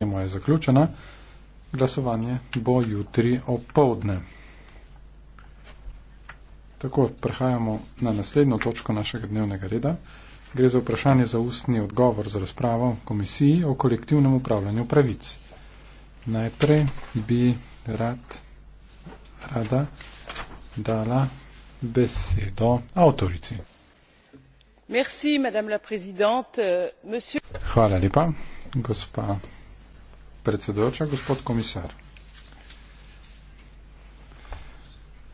tema je zaključena. Glasovanje bo jutri opoldne. Tako prehajamo na naslednjo točko našega dnevnega reda. Gre za vprašanje za ustni odgovor za razpravo komisiji o kolektivnem upravljanju pravic. Najprej bi rad, rada dala besedo avtorici. Merci, madame la présidente, euh, monsieur. Hvala lepa, gospa predsedujoča, gospod komisar.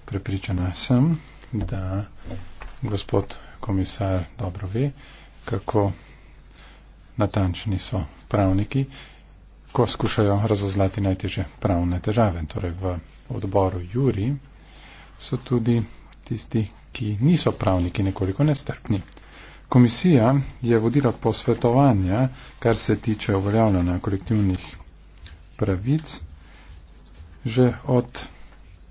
Prepričana sem, da gospod komisar dobro ve, kako natančni so pravniki, ko skušajo razvozlati najtežje pravne težave. Torej v odboru Juri so tudi tisti, ki niso pravniki nekoliko nestrpni. Komisija je vodila posvetovanja, kar se tiče uveljavljanja kolektivnih pravic že od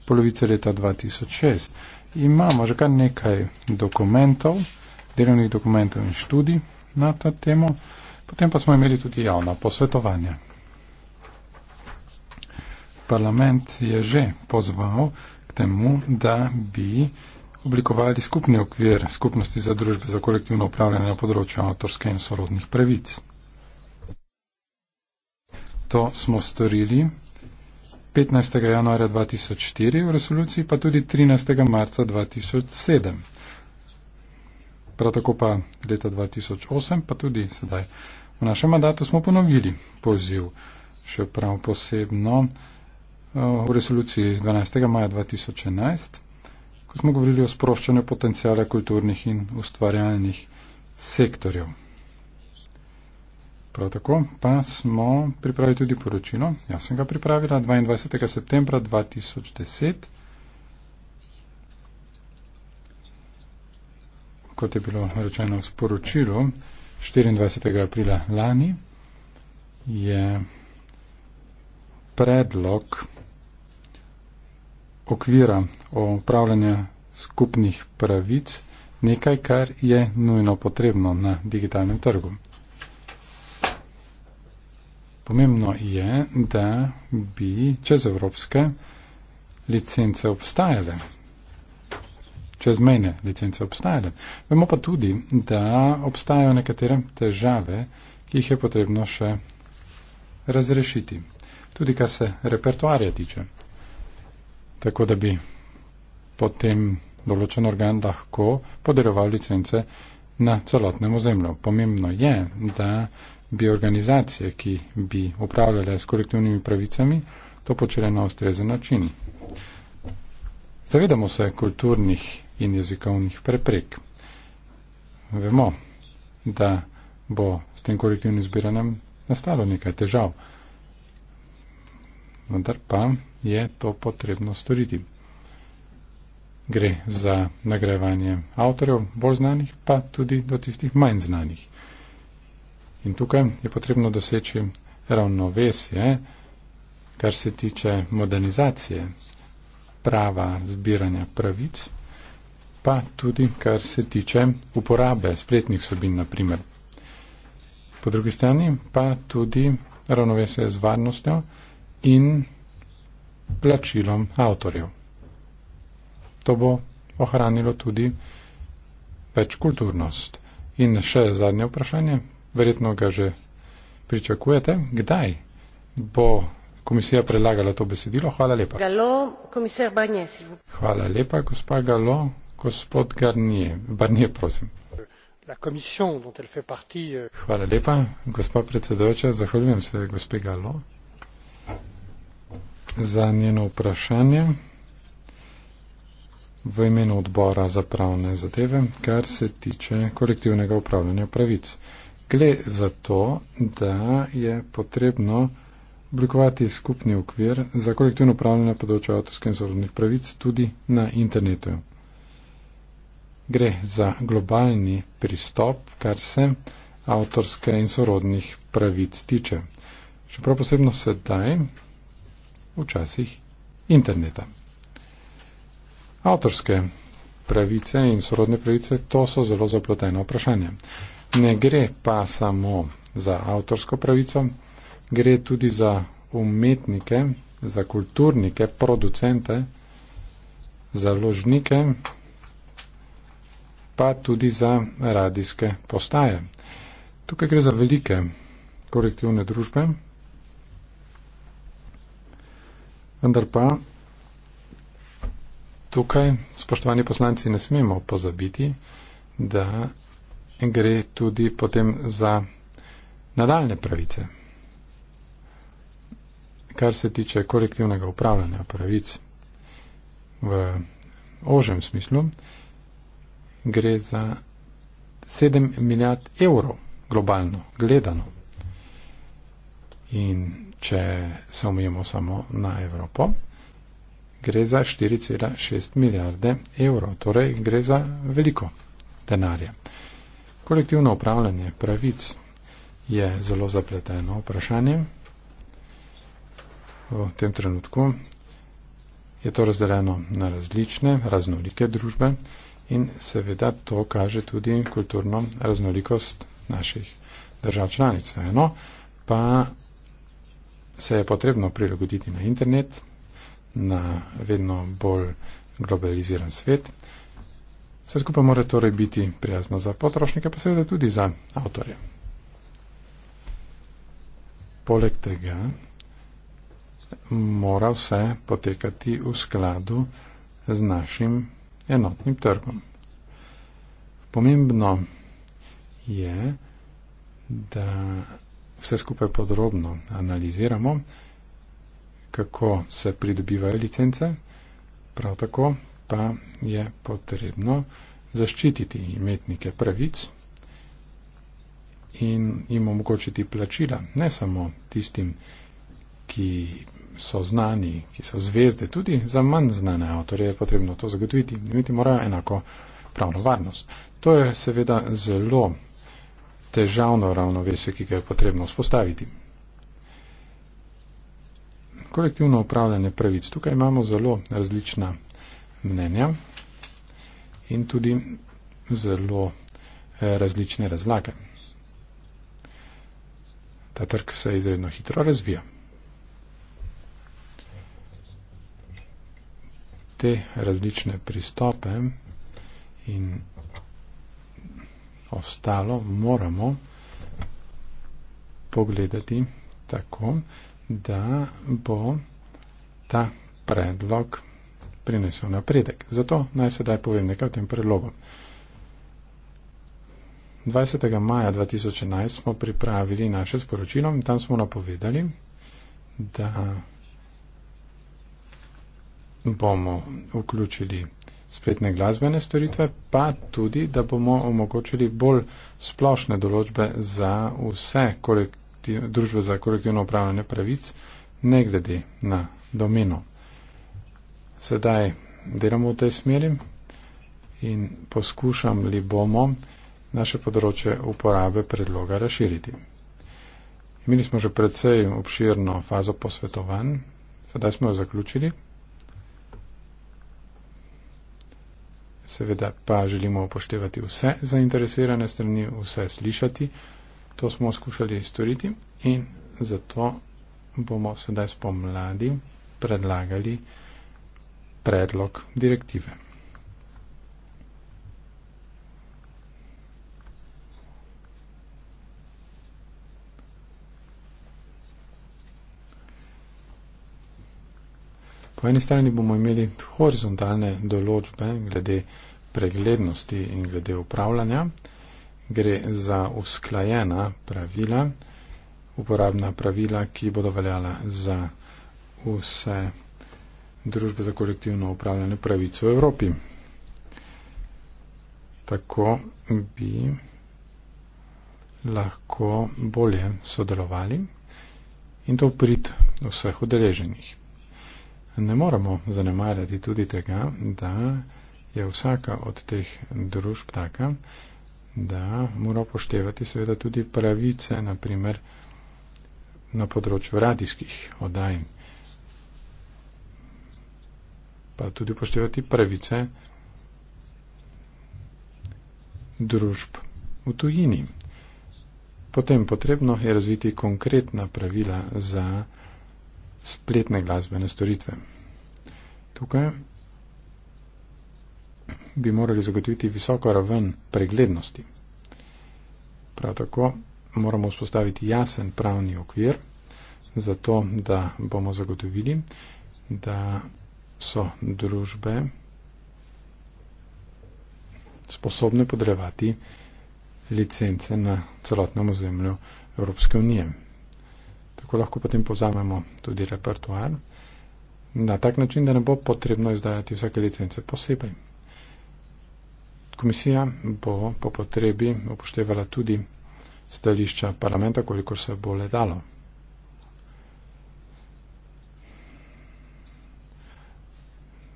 polovice leta 2006. Imamo že kar nekaj dokumentov, delovnih dokumentov in študij na ta temo, potem pa smo imeli tudi javna posvetovanja. Parlament je že pozval k temu, da bi oblikovali skupni okvir skupnosti za družbe za kolektivno upravljanje na področju avtorske in sorodnih pravic to smo storili 15. januarja 2004 v resoluciji, pa tudi 13. marca 2007. Prav tako pa leta 2008, pa tudi sedaj v našem mandatu smo ponovili poziv, še prav posebno eh, v resoluciji 12. maja 2011, ko smo govorili o sproščanju potencijala kulturnih in ustvarjalnih sektorjev. Prav tako pa smo pripravili tudi poročilo. Jaz sem ga pripravila 22. septembra 2010. Kot je bilo rečeno v sporočilu, 24. aprila lani je predlog okvira o upravljanju skupnih pravic nekaj, kar je nujno potrebno na digitalnem trgu. Pomembno je, da bi čez evropske licence obstajale, čez mejne licence obstajale. Vemo pa tudi, da obstajajo nekatere težave, ki jih je potrebno še razrešiti. Tudi kar se repertoarja tiče. Tako da bi potem določen organ lahko podaroval licence na celotnem ozemlju. Pomembno je, da bi organizacije, ki bi upravljale s kolektivnimi pravicami, to počele na ustrezen način. Zavedamo se kulturnih in jezikovnih preprek. Vemo, da bo s tem kolektivnim zbiranjem nastalo nekaj težav. Vendar pa je to potrebno storiti. Gre za nagrajevanje avtorjev, bolj znanih, pa tudi do tistih manj znanih. In tukaj je potrebno doseči ravnovesje, kar se tiče modernizacije prava zbiranja pravic, pa tudi kar se tiče uporabe spletnih sobin, naprimer. Po drugi strani pa tudi ravnovesje z varnostjo in plačilom avtorjev. To bo ohranilo tudi več kulturnost. In še zadnje vprašanje, verjetno ga že pričakujete. Kdaj bo komisija predlagala to besedilo? Hvala lepa. Hvala lepa, gospa Galo, gospod Garnije. Barnije, prosim. Euh, Hvala lepa, gospa predsedojoča. Zahvaljujem se gospe Galo za njeno vprašanje v imenu odbora za pravne zadeve, kar se tiče kolektivnega upravljanja pravic gre za to, da je potrebno oblikovati skupni okvir za kolektivno upravljanje področja avtorske in sorodnih pravic tudi na internetu. Gre za globalni pristop, kar se avtorske in sorodnih pravic tiče. Še prav posebno sedaj, včasih interneta. Avtorske pravice in sorodne pravice, to so zelo zaplotena vprašanja. Ne gre pa samo za avtorsko pravico, gre tudi za umetnike, za kulturnike, producente, založnike, pa tudi za radijske postaje. Tukaj gre za velike kolektivne družbe, vendar pa tukaj, spoštovani poslanci, ne smemo pozabiti, da gre tudi potem za nadaljne pravice. Kar se tiče kolektivnega upravljanja pravic v ožem smislu, gre za 7 milijard evrov globalno gledano. In če se omejimo samo na Evropo, gre za 4,6 milijarde evrov. Torej gre za veliko denarja. Kolektivno upravljanje pravic je zelo zapleteno vprašanje. V tem trenutku je to razdeljeno na različne, raznolike družbe in seveda to kaže tudi kulturno raznolikost naših držav članic. Eno pa se je potrebno prilagoditi na internet, na vedno bolj globaliziran svet. Vse skupaj mora torej biti prijazno za potrošnike, pa seveda tudi za avtorje. Poleg tega mora vse potekati v skladu z našim enotnim trgom. Pomembno je, da vse skupaj podrobno analiziramo, kako se pridobivajo licence, prav tako pa je potrebno zaščititi imetnike pravic in jim omogočiti plačila, ne samo tistim, ki so znani, ki so zvezde, tudi za manj znane avtorje je potrebno to zagotoviti. Imeti morajo enako pravno varnost. To je seveda zelo težavno ravnovesje, ki ga je potrebno vzpostaviti. Kolektivno upravljanje pravic. Tukaj imamo zelo različna mnenja in tudi zelo eh, različne razlage. Ta trg se izredno hitro razvija. Te različne pristope in ostalo moramo pogledati tako, da bo ta predlog prinesel napredek. Zato naj sedaj povem nekaj o tem predlogu. 20. maja 2011 smo pripravili naše sporočilo in tam smo napovedali, da bomo vključili spletne glasbene storitve, pa tudi, da bomo omogočili bolj splošne določbe za vse kolektiv, družbe za kolektivno upravljanje pravic, ne glede na domeno sedaj delamo v tej smeri in poskušam li bomo naše področje uporabe predloga razširiti. Imeli smo že predvsej obširno fazo posvetovanj, sedaj smo jo zaključili. Seveda pa želimo upoštevati vse zainteresirane strani, vse slišati. To smo skušali storiti in zato bomo sedaj spomladi predlagali, predlog direktive. Po eni strani bomo imeli horizontalne določbe glede preglednosti in glede upravljanja. Gre za usklajena pravila, uporabna pravila, ki bodo veljala za vse. Družbe za kolektivno upravljanje pravic v Evropi. Tako bi lahko bolje sodelovali in to prid vseh udeleženih. Ne moramo zanemarjati tudi tega, da je vsaka od teh družb taka, da mora poštevati seveda tudi pravice, naprimer na področju radijskih odajanj pa tudi upoštevati pravice družb v tujini. Potem potrebno je razviti konkretna pravila za spletne glasbene storitve. Tukaj bi morali zagotoviti visoko raven preglednosti. Prav tako moramo vzpostaviti jasen pravni okvir, zato da bomo zagotovili, da so družbe sposobne podrevati licence na celotnem ozemlju Evropske unije. Tako lahko potem pozamemo tudi repertoar na tak način, da ne bo potrebno izdajati vsake licence posebej. Komisija bo po potrebi upoštevala tudi stališča parlamenta, koliko se bo le dalo.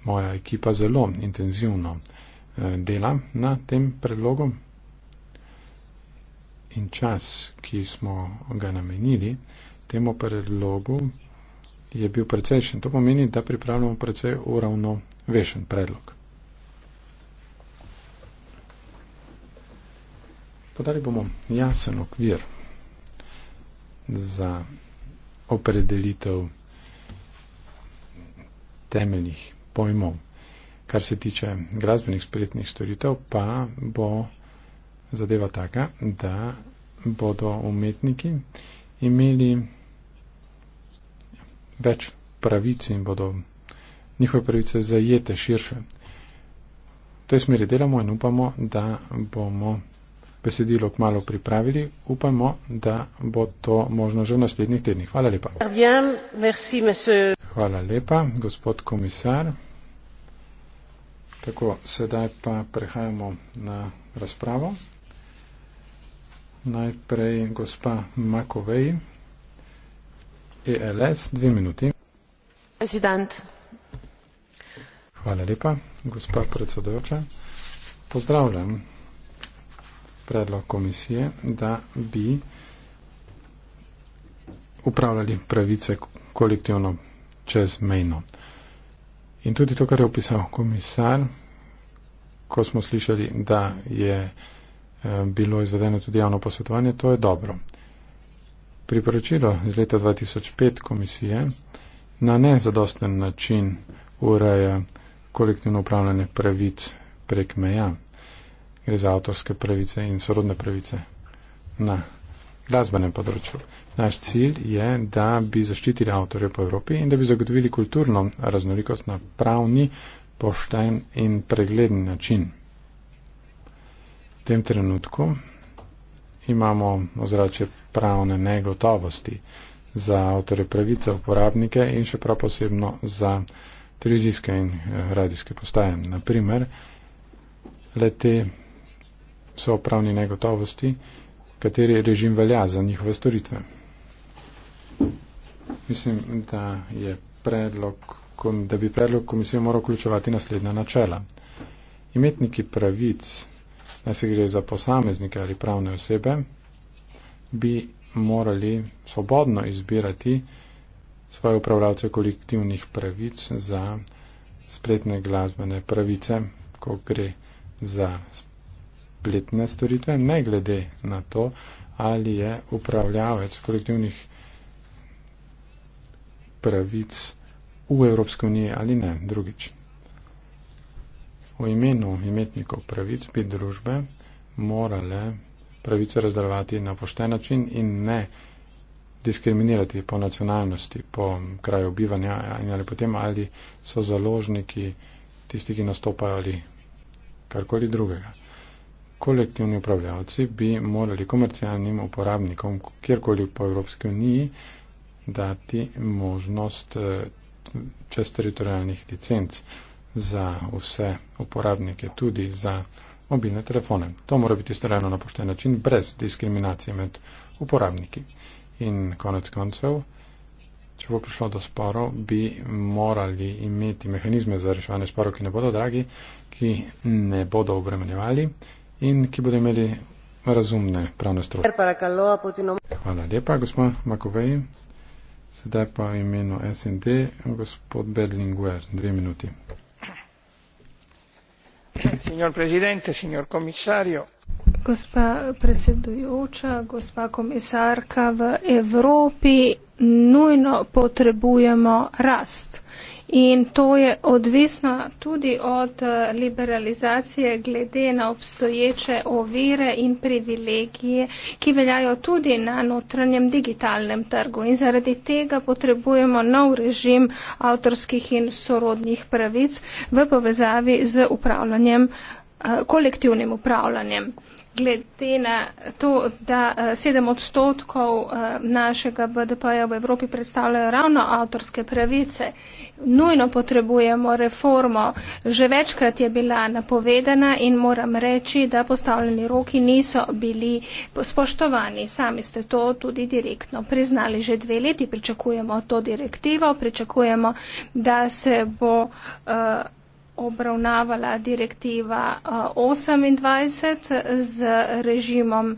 moja ekipa zelo intenzivno eh, dela na tem predlogu in čas, ki smo ga namenili temu predlogu, je bil precejšen. To pomeni, da pripravljamo precej uravnovešen predlog. Podali bomo jasen okvir za opredelitev temeljnih pojmov. Kar se tiče glasbenih spletnih storitev, pa bo zadeva taka, da bodo umetniki imeli več pravic in bodo njihove pravice zajete širše. V tej smeri delamo in upamo, da bomo besedilo kmalo pripravili. Upamo, da bo to možno že v naslednjih tednih. Hvala lepa. Hvala lepa, gospod komisar. Tako, sedaj pa prehajamo na razpravo. Najprej gospa Makovej, ELS, dve minuti. Prezident. Hvala lepa, gospa predsedojoča. Pozdravljam predlog komisije, da bi upravljali pravice kolektivno čezmejno. In tudi to, kar je opisal komisar, ko smo slišali, da je eh, bilo izvedeno tudi javno posvetovanje, to je dobro. Priporočilo iz leta 2005 komisije na nezadosten način ureja kolektivno upravljanje pravic prek meja. Gre za avtorske pravice in sorodne pravice na glasbenem področju. Naš cilj je, da bi zaščitili avtorje po Evropi in da bi zagotovili kulturno raznolikost na pravni, pošten in pregleden način. V tem trenutku imamo ozračje pravne negotovosti za avtorje pravice, uporabnike in še prav posebno za televizijske in eh, radijske postaje. Naprimer, lete so pravni negotovosti, kateri režim velja za njihove storitve. Mislim, da, predlog, da bi predlog komisije moral vključevati naslednja načela. Imetniki pravic, da se gre za posameznike ali pravne osebe, bi morali svobodno izbirati svoje upravljavce kolektivnih pravic za spletne glasbene pravice, ko gre za spletne storitve, ne glede na to, ali je upravljavec kolektivnih pravic pravic v Evropske unije ali ne. Drugič, o imenu imetnikov pravic bi družbe morale pravice razdravati na pošten način in ne diskriminirati po nacionalnosti, po kraju bivanja ali potem ali so založniki tisti, ki nastopajo ali karkoli drugega. Kolektivni upravljavci bi morali komercialnim uporabnikom, kjerkoli po Evropski uniji, dati možnost eh, čez teritorijalnih licenc za vse uporabnike, tudi za mobilne telefone. To mora biti storjeno na pošten način, brez diskriminacije med uporabniki. In konec koncev, če bo prišlo do sporov, bi morali imeti mehanizme za reševanje sporov, ki ne bodo dragi, ki ne bodo obremenjevali in ki bodo imeli razumne pravne stroje. Hvala lepa, gospod Makovej. Sedaj pa imeno SND, gospod Berlinguer, dve minuti. Signor presidente, signor komisarjo. Gospa predsedujoča, gospa komisarka, v Evropi nujno potrebujemo rast. In to je odvisno tudi od eh, liberalizacije glede na obstoječe ovire in privilegije, ki veljajo tudi na notranjem digitalnem trgu. In zaradi tega potrebujemo nov režim avtorskih in sorodnih pravic v povezavi z upravljanjem, eh, kolektivnim upravljanjem glede na to, da eh, sedem odstotkov eh, našega BDP-ja v Evropi predstavljajo ravno avtorske pravice. Nujno potrebujemo reformo. Že večkrat je bila napovedana in moram reči, da postavljeni roki niso bili spoštovani. Sami ste to tudi direktno priznali. Že dve leti pričakujemo to direktivo, pričakujemo, da se bo. Uh, obravnavala direktiva 28 eh, z režimom eh,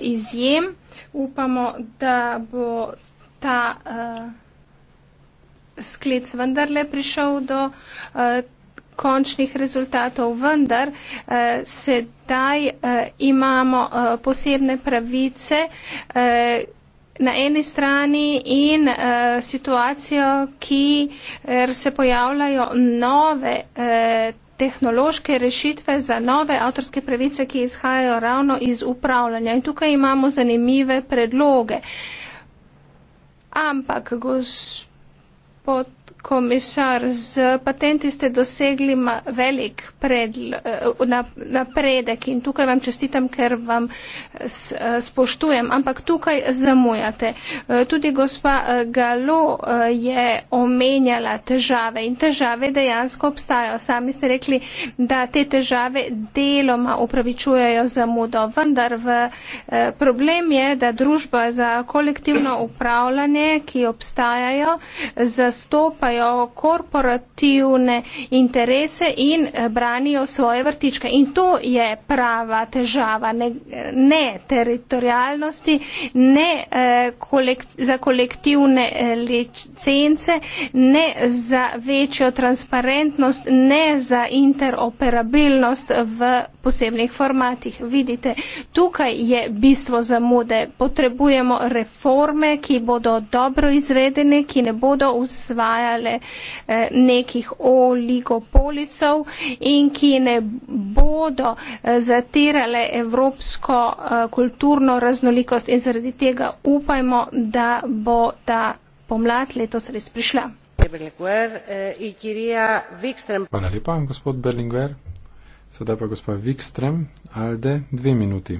izjem. Upamo, da bo ta eh, sklic vendarle prišel do končnih rezultatov, vendar eh, sedaj eh, imamo eh, posebne pravice, eh, na eni strani in uh, situacijo, kjer se pojavljajo nove. Uh, tehnološke rešitve za nove avtorske pravice, ki izhajajo ravno iz upravljanja. In tukaj imamo zanimive predloge. Ampak gospod komisar, z patenti ste dosegli velik pred, eh, napredek in tukaj vam čestitam, ker vam eh, spoštujem, ampak tukaj zamujate. Eh, tudi gospa Galo je omenjala težave in težave dejansko obstajajo. Sami ste rekli, da te težave deloma upravičujejo zamudo, vendar v, problem je, da družba za kolektivno upravljanje, ki obstajajo, zastopajo gledajo korporativne interese in eh, branijo svoje vrtičke. In to je prava težava ne, ne teritorijalnosti, ne eh, kolekt, za kolektivne eh, licence, ne za večjo transparentnost, ne za interoperabilnost v posebnih formatih. Vidite, tukaj je bistvo zamude. Potrebujemo reforme, ki bodo dobro izvedene, ki ne bodo usvajali prodajale eh, nekih oligopolisov in ki ne bodo eh, zatirale evropsko eh, kulturno raznolikost in zaradi tega upajmo, da bo ta pomlad letos res prišla. Hvala lepa, gospod Berlinguer. Sedaj pa gospod Vikstrem, Alde, dve minuti.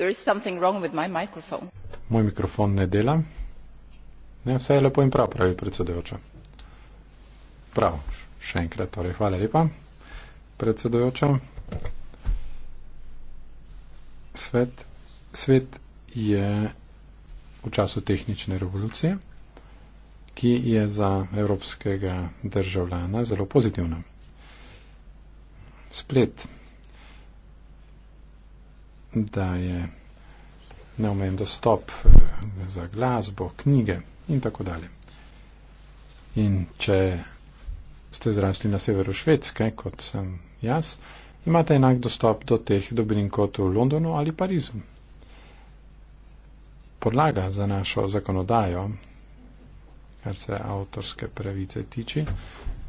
There is something wrong with my microphone. Moj mikrofon ne dela. Ne, vse je lepo in prav, pravi predsedujoča. Prav, še enkrat, torej hvala lepa, predsedujoča. Svet, svet je v času tehnične revolucije, ki je za evropskega državljana zelo pozitivna. Splet da je neomejen dostop eh, za glasbo, knjige in tako dalje. In če ste zrasli na severu Švedske, kot sem jaz, imate enak dostop do teh dobrin kot v Londonu ali Parizu. Podlaga za našo zakonodajo, kar se avtorske pravice tiče,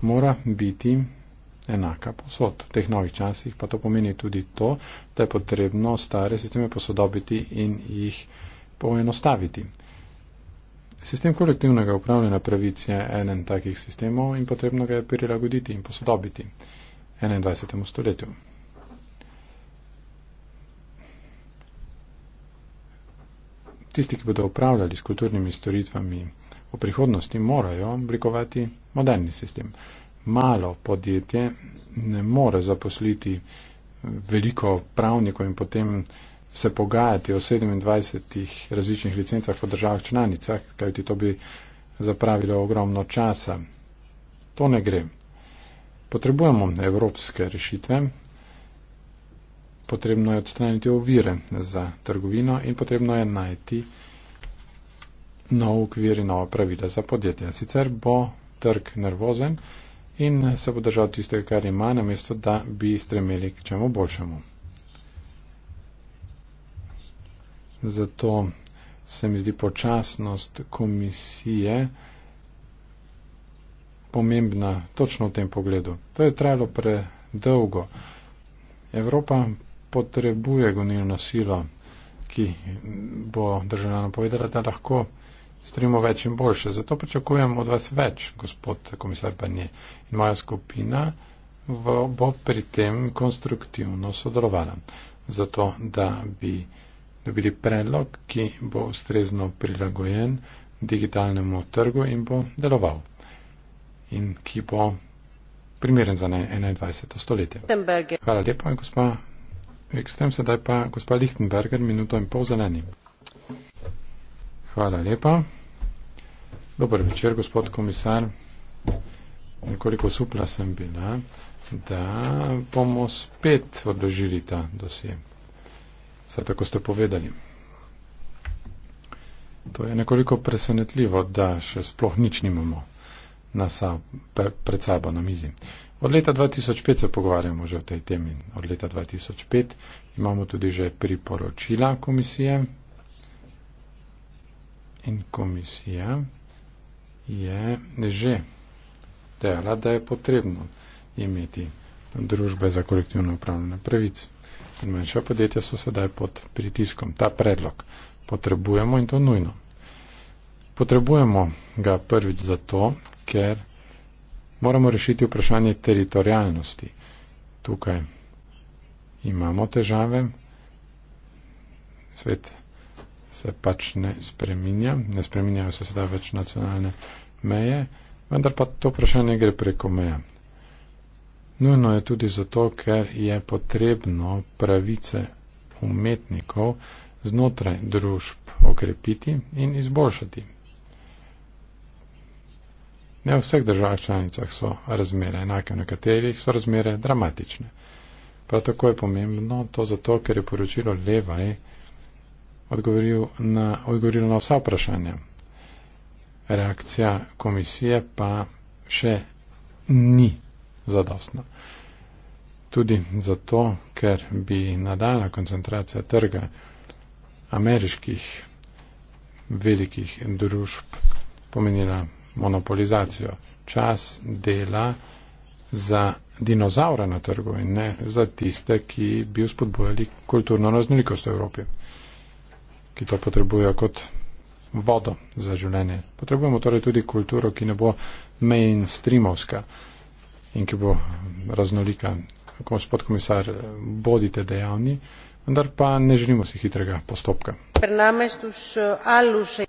mora biti enaka posod v teh novih časih, pa to pomeni tudi to, da je potrebno stare sisteme posodobiti in jih poenostaviti. Sistem kolektivnega upravljanja pravic je eden takih sistemov in potrebno ga je prilagoditi in posodobiti 21. stoletju. Tisti, ki bodo upravljali s kulturnimi storitvami v prihodnosti, morajo oblikovati moderni sistem malo podjetje ne more zaposliti veliko pravnikov in potem se pogajati o 27 različnih licencah po državah članicah, kajti to bi zapravilo ogromno časa. To ne gre. Potrebujemo evropske rešitve, potrebno je odstraniti ovire za trgovino in potrebno je najti nov ukvir in nova pravila za podjetja. Sicer bo trg nervozen, in se bo držal tistega, kar ima, namesto da bi stremeli k čemu boljšemu. Zato se mi zdi počasnost komisije pomembna točno v tem pogledu. To je trajalo predolgo. Evropa potrebuje gonilno silo, ki bo državljano povedala, da lahko stremo več in boljše. Zato pričakujem od vas več, gospod komisar Banje. In moja skupina v, bo pri tem konstruktivno sodelovala, zato da bi dobili predlog, ki bo ustrezno prilagojen digitalnemu trgu in bo deloval in ki bo primeren za 21. stoletje. Hvala lepa, gospa. Ekstrem sedaj pa gospa Lichtenberger, minuto in pol zelenim. Hvala lepa. Dobar večer, gospod komisar. Nekoliko supla sem bila, da bomo spet odložili ta dosje. Saj tako ste povedali. To je nekoliko presenetljivo, da še sploh nič nimamo na sa, pred sabo na mizi. Od leta 2005 se pogovarjamo že o tej temi. Od leta 2005 imamo tudi že priporočila komisije, in komisija je že dejala, da je potrebno imeti družbe za kolektivno upravljanje pravic. In manjša podjetja so sedaj pod pritiskom. Ta predlog potrebujemo in to nujno. Potrebujemo ga prvič zato, ker moramo rešiti vprašanje teritorijalnosti. Tukaj imamo težave. Svet se pač ne spreminja, ne spreminjajo se sedaj več nacionalne meje, vendar pa to vprašanje gre preko meja. Nujno je tudi zato, ker je potrebno pravice umetnikov znotraj družb okrepiti in izboljšati. Ne v vseh državah članicah so razmere enake, v nekaterih so razmere dramatične. Prav tako je pomembno to zato, ker je poročilo Levaj odgovoril na, odgovoril na vsa vprašanja. Reakcija komisije pa še ni zadostna. Tudi zato, ker bi nadaljna koncentracija trga ameriških velikih družb pomenila monopolizacijo. Čas dela za dinozaura na trgu in ne za tiste, ki bi uspodbojali kulturno raznolikost v Evropi ki to potrebujejo kot vodo za življenje. Potrebujemo torej tudi kulturo, ki ne bo mainstreamovska in ki bo raznolika. Gospod komisar, bodite dejavni, vendar pa ne želimo si hitrega postopka.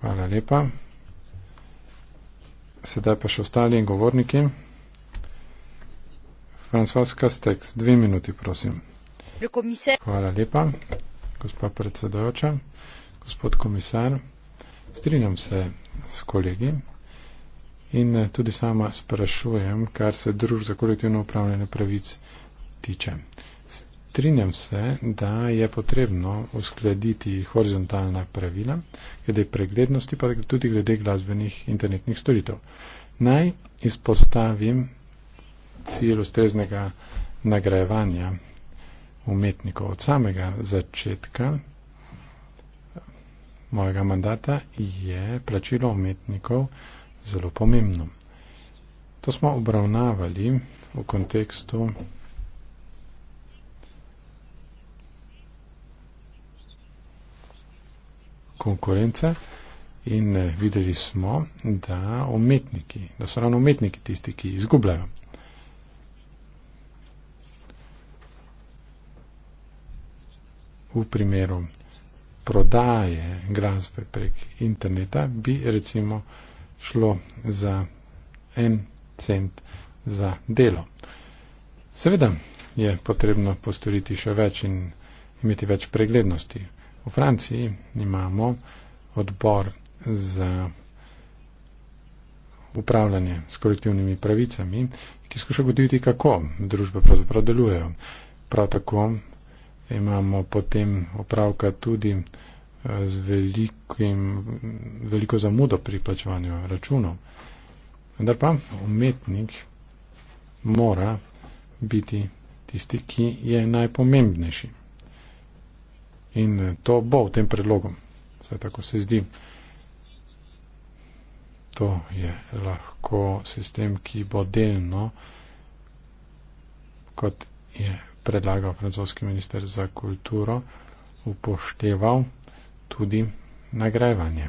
Hvala lepa. Sedaj pa še ostali in govorniki. François Castex, dve minuti, prosim. Hvala lepa, gospod predsedojoča gospod komisar, strinjam se s kolegi in eh, tudi sama sprašujem, kar se družb za kolektivno upravljanje pravic tiče. Strinjam se, da je potrebno uskladiti horizontalna pravila, glede preglednosti, pa tudi glede glasbenih internetnih storitev. Naj izpostavim cilj ustreznega nagrajevanja umetnikov od samega začetka mojega mandata je plačilo umetnikov zelo pomembno. To smo obravnavali v kontekstu konkurence in eh, videli smo, da umetniki, da so ravno umetniki tisti, ki izgubljajo. V primeru prodaje glasbe prek interneta bi recimo šlo za en cent za delo. Seveda je potrebno postoriti še več in imeti več preglednosti. V Franciji imamo odbor za upravljanje s kolektivnimi pravicami, ki skuša ugotoviti, kako družbe pravzaprav delujejo. Prav tako imamo potem opravka tudi eh, z velikim, veliko zamudo pri plačevanju računov. Vendar pa umetnik mora biti tisti, ki je najpomembnejši. In eh, to bo v tem predlogu, vsaj tako se zdi. To je lahko sistem, ki bo delno, kot je predlagal francoski minister za kulturo, upošteval tudi nagrajevanje.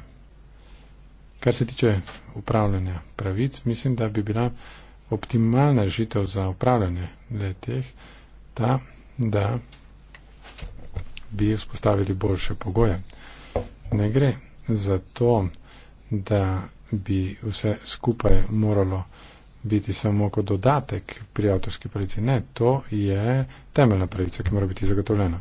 Kar se tiče upravljanja pravic, mislim, da bi bila optimalna rešitev za upravljanje leteh ta, da bi vzpostavili boljše pogoje. Ne gre za to, da bi vse skupaj moralo biti samo kot dodatek pri avtorski pravici. Ne, to je temeljna pravica, ki mora biti zagotovljena.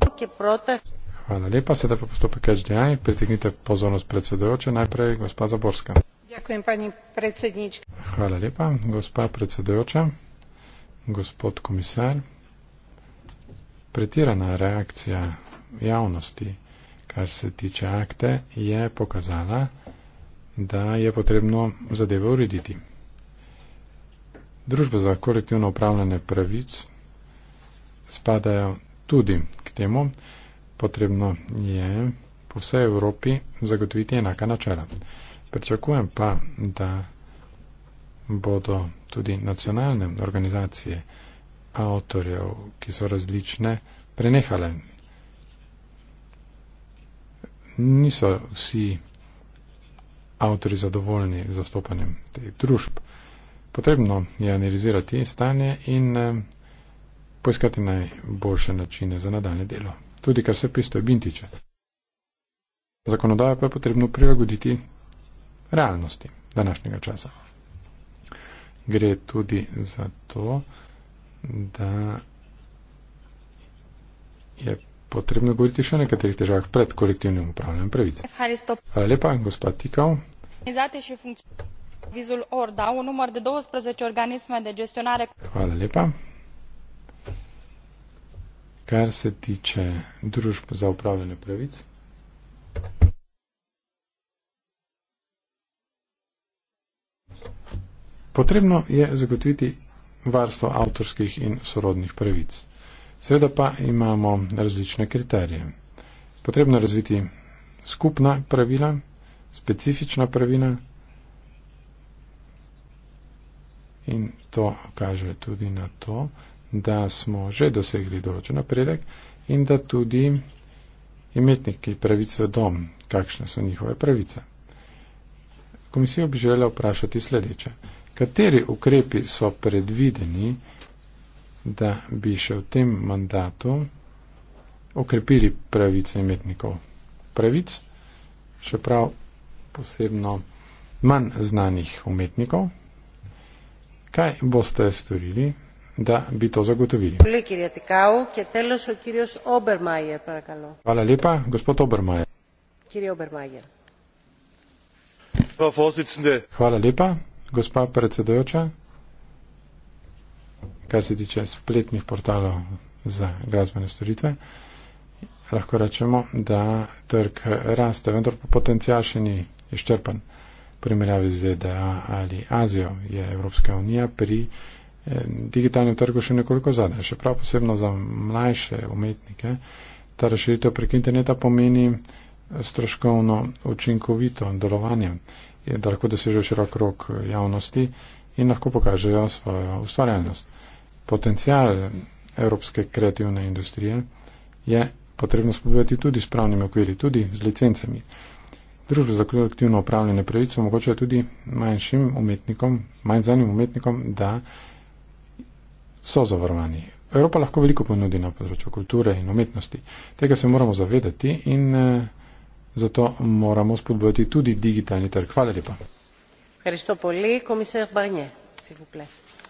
Hvala lepa, sedaj pa postopek HDI. Pritegnite pozornost predsedojoče, najprej gospa Zaborska. Ďakujem, pani predsednička. Hvala lepa, gospa predsedojoča, gospod komisar. Pretirana reakcija javnosti, kar se tiče akte, je pokazala, da je potrebno zadeve urediti. Družbe za kolektivno upravljanje pravic spadajo tudi k temu, potrebno je po vsej Evropi zagotoviti enaka načela. Pričakujem pa, da bodo tudi nacionalne organizacije avtorjev, ki so različne, prenehale. Niso vsi avtori zadovoljni z zastopanjem teh družb potrebno je analizirati stanje in eh, poiskati najboljše načine za nadaljne delo, tudi kar se pristojbin tiče. Zakonodajo pa je potrebno prilagoditi realnosti današnjega časa. Gre tudi za to, da je potrebno govoriti še o nekaterih težavah pred kolektivnim upravljanjem pravice. Hvala lepa, gospod Tikal vizul orda un număr de doisprezece organisme de gestionare. Hvala lepa. Kar se tiče družb za upravljanje pravic. Potrebno je zagotoviti varstvo avtorskih in sorodnih pravic. Seveda pa imamo različne kriterije. Potrebno je razviti skupna pravila, specifična pravila, In to kaže tudi na to, da smo že dosegli določen napredek in da tudi imetniki pravic v dom, kakšne so njihove pravice. Komisijo bi želela vprašati sledeče. Kateri ukrepi so predvideni, da bi še v tem mandatu okrepili pravice imetnikov pravic, še prav posebno manj znanih umetnikov? Kaj boste storili, da bi to zagotovili? Hvala lepa, gospod Obermajer. Hvala lepa, gospa predsedojoča. Kaj se tiče spletnih portalov za glasbene storitve, lahko rečemo, da trg raste, vendar pa potencial še ni izčrpan primerjavi z ZDA ali Azijo je Evropska unija pri eh, digitalnem trgu še nekoliko zadnja. Še prav posebno za mlajše umetnike ta razširitev prek interneta pomeni stroškovno učinkovito delovanje, da lahko dosežejo širok krok javnosti in lahko pokažejo svojo ustvarjalnost. Potencial evropske kreativne industrije je potrebno spodbujati tudi s pravnimi okviri, tudi z licencami družbe za kolektivno upravljanje pravic omogočajo tudi manjšim umetnikom, manj zanim umetnikom, da so zavarovani. Evropa lahko veliko ponudi na področju kulture in umetnosti. Tega se moramo zavedati in eh, zato moramo spodbojati tudi digitalni trg. Hvala lepa.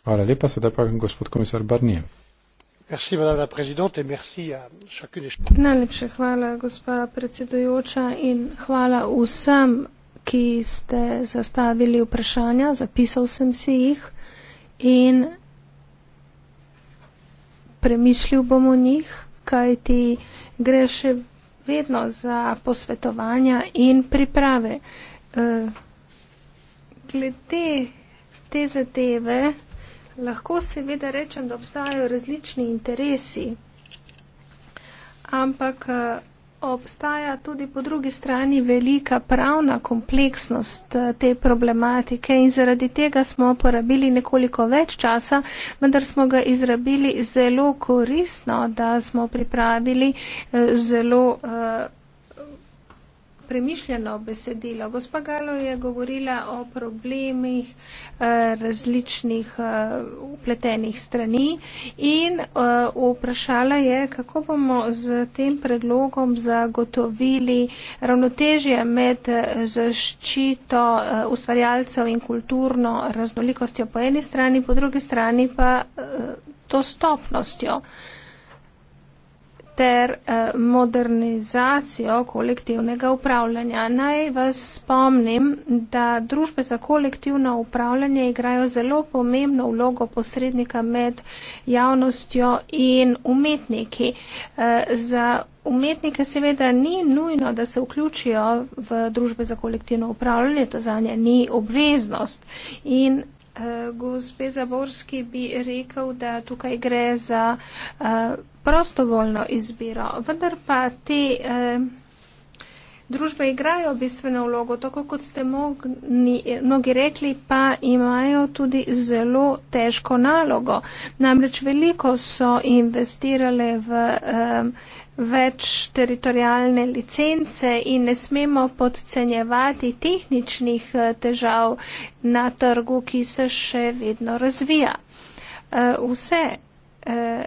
Hvala lepa, sedaj pa gospod komisar Barnier najlepša hvala gospa predsedujoča in hvala vsem ki ste prispevali k razpravi o tem poročilu. Hvala vsem, ki ste zastavili vprašanja, zapisal sem si jih in premislil bom o njih, kajti gre še vedno za posvetovanja in priprave. Eh, glede te zadeve, Lahko seveda rečem, da obstajajo različni interesi, ampak eh, obstaja tudi po drugi strani velika pravna kompleksnost eh, te problematike in zaradi tega smo porabili nekoliko več časa, vendar smo ga izrabili zelo koristno, da smo pripravili eh, zelo. Uh, premišljeno besedilo. Gospa Galo je govorila o problemih eh, različnih upletenih eh, strani in eh, vprašala je, kako bomo z tem predlogom zagotovili ravnotežje med zaščito ustvarjalcev in kulturno raznolikostjo po eni strani, po drugi strani pa dostopnostjo. Uh, ter eh, modernizacijo kolektivnega upravljanja. Naj vas spomnim, da družbe za kolektivno upravljanje igrajo zelo pomembno vlogo posrednika med javnostjo in umetniki. Eh, za umetnike seveda ni nujno, da se vključijo v družbe za kolektivno upravljanje, to za nje ni obveznost. In eh, Gospe Zaborski bi rekel, da tukaj gre za uh, prostovoljno izbiro, vendar pa te eh, družbe igrajo bistveno vlogo, tako kot ste mogni, mnogi rekli, pa imajo tudi zelo težko nalogo. Namreč veliko so investirale v. Eh, več teritorijalne licence in ne smemo podcenjevati tehničnih eh, težav na trgu, ki se še vedno razvija. Eh, vse eh,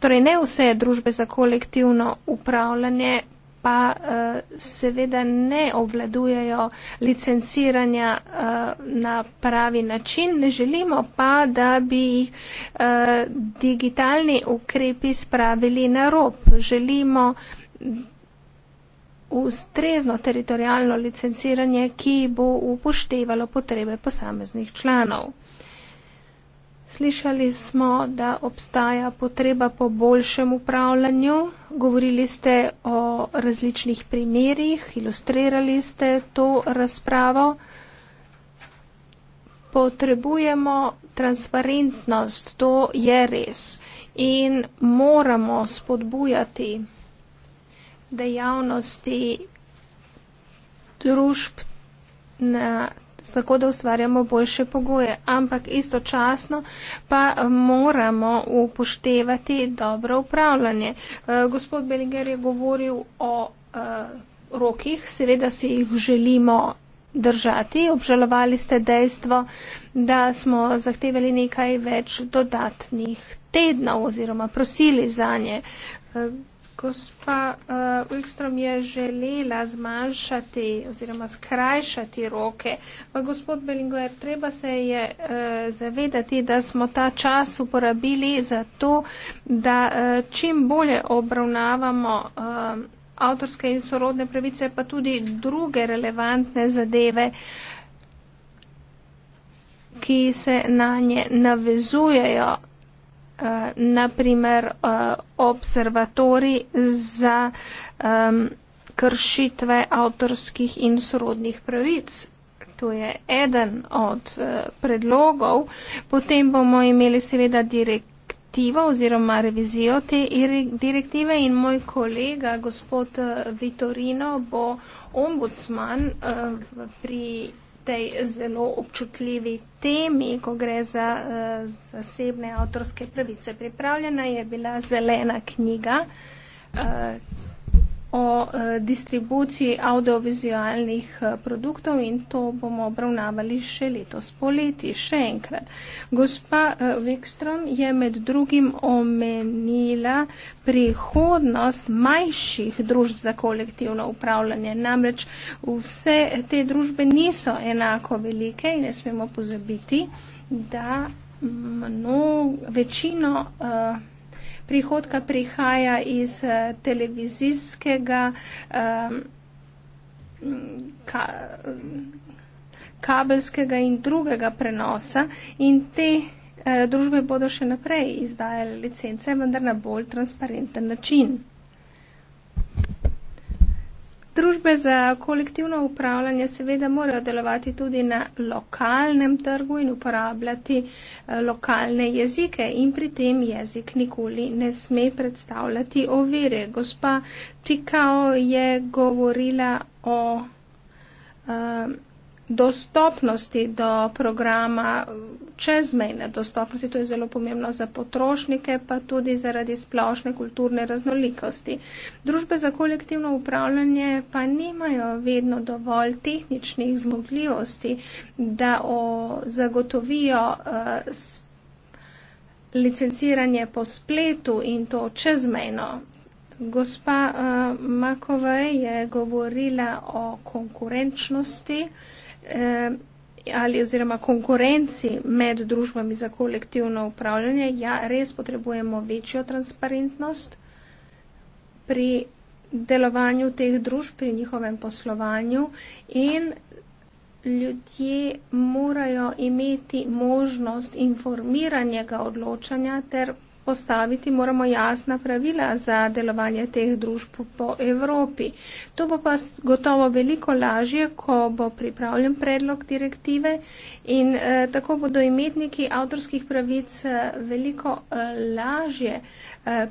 torej ne vse družbe za kolektivno upravljanje pa eh, seveda ne obvladujejo licenciranja eh, na pravi način. Ne želimo pa, da bi jih eh, digitalni ukrepi spravili na rob. Želimo ustrezno teritorijalno licenciranje, ki bo upoštevalo potrebe posameznih članov. Slišali smo, da obstaja potreba po boljšem upravljanju, govorili ste o različnih primerjih, ilustrirali ste to razpravo. Potrebujemo transparentnost, to je res. In moramo spodbujati dejavnosti družb na tako da ustvarjamo boljše pogoje, ampak istočasno pa moramo upoštevati dobro upravljanje. Eh, gospod Belinger je govoril o eh, rokih, seveda si jih želimo držati. Obžalovali ste dejstvo, da smo zahtevali nekaj več dodatnih tednov oziroma prosili za nje. Eh, Gospa uh, eh, Ulkstrom je želela zmanjšati oziroma skrajšati roke. Pa gospod Belinguer, treba se je uh, zavedati, da smo ta čas uporabili za to, da uh, čim bolje obravnavamo uh, avtorske in sorodne pravice, pa tudi druge relevantne zadeve, ki se na nje navezujejo. Eh, naprimer eh, observatori za um, kršitve avtorskih in srodnih pravic. To je eden od uh, predlogov. Potem bomo imeli seveda direktivo oziroma revizijo te direktive in moj kolega, gospod Vitorino, bo ombudsman uh, pri tej zelo občutljivi temi, ko gre za uh, zasebne avtorske pravice. Pripravljena je bila zelena knjiga. Uh, o eh, distribuciji audiovizualnih eh, produktov in to bomo obravnavali še letos poleti. Še enkrat. Gospa Vekstrom eh, je med drugim omenila prihodnost manjših družb za kolektivno upravljanje. Namreč vse te družbe niso enako velike in ne smemo pozabiti, da mno, večino. Uh, prihodka prihaja iz eh, televizijskega eh, kabelskega in drugega prenosa in te eh, družbe bodo še naprej izdajale licence, vendar na bolj transparenten način. Družbe za kolektivno upravljanje seveda morajo delovati tudi na lokalnem trgu in uporabljati eh, lokalne jezike in pri tem jezik nikoli ne sme predstavljati ovire. Gospa Tikao je govorila o um, dostopnosti do programa čezmejne dostopnosti, to je zelo pomembno za potrošnike, pa tudi zaradi splošne kulturne raznolikosti. Družbe za kolektivno upravljanje pa nimajo vedno dovolj tehničnih zmogljivosti, da o, zagotovijo uh, licenciranje po spletu in to čezmejno. Gospa uh, Makovej je govorila o konkurenčnosti. Uh, ali oziroma konkurenci med družbami za kolektivno upravljanje, ja, res potrebujemo večjo transparentnost pri delovanju teh družb, pri njihovem poslovanju in ljudje morajo imeti možnost informiranega odločanja ter postaviti moramo jasna pravila za delovanje teh družb po Evropi. To bo pa gotovo veliko lažje, ko bo pripravljen predlog direktive in eh, tako bodo imetniki avtorskih pravic eh, veliko eh, lažje eh,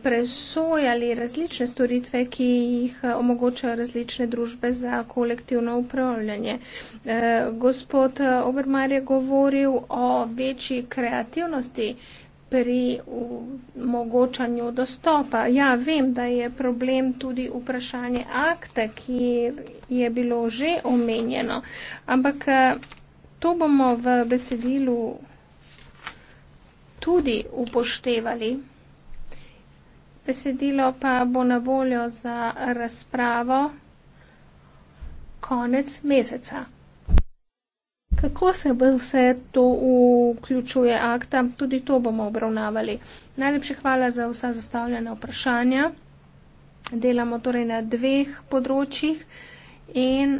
presojali različne storitve, ki jih eh, omogočajo različne družbe za kolektivno upravljanje. Eh, gospod eh, Obermar je govoril o večji kreativnosti pri omogočanju dostopa. Ja, vem, da je problem tudi vprašanje akte, ki je bilo že omenjeno, ampak eh, to bomo v besedilu tudi upoštevali. Besedilo pa bo na voljo za razpravo konec meseca. Kako se vse to vključuje akta, tudi to bomo obravnavali. Najlepše hvala za vsa zastavljena vprašanja. Delamo torej na dveh področjih in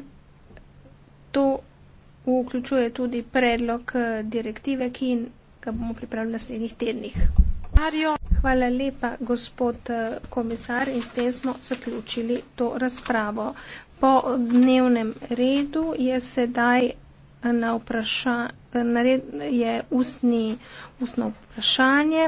to vključuje tudi predlog eh, direktive, ki ga bomo pripravili v naslednjih tednih. Hvala lepa, gospod eh, komisar, in s tem smo zaključili to razpravo. Po dnevnem redu je sedaj na vprašanje, je ustni, ustno vprašanje,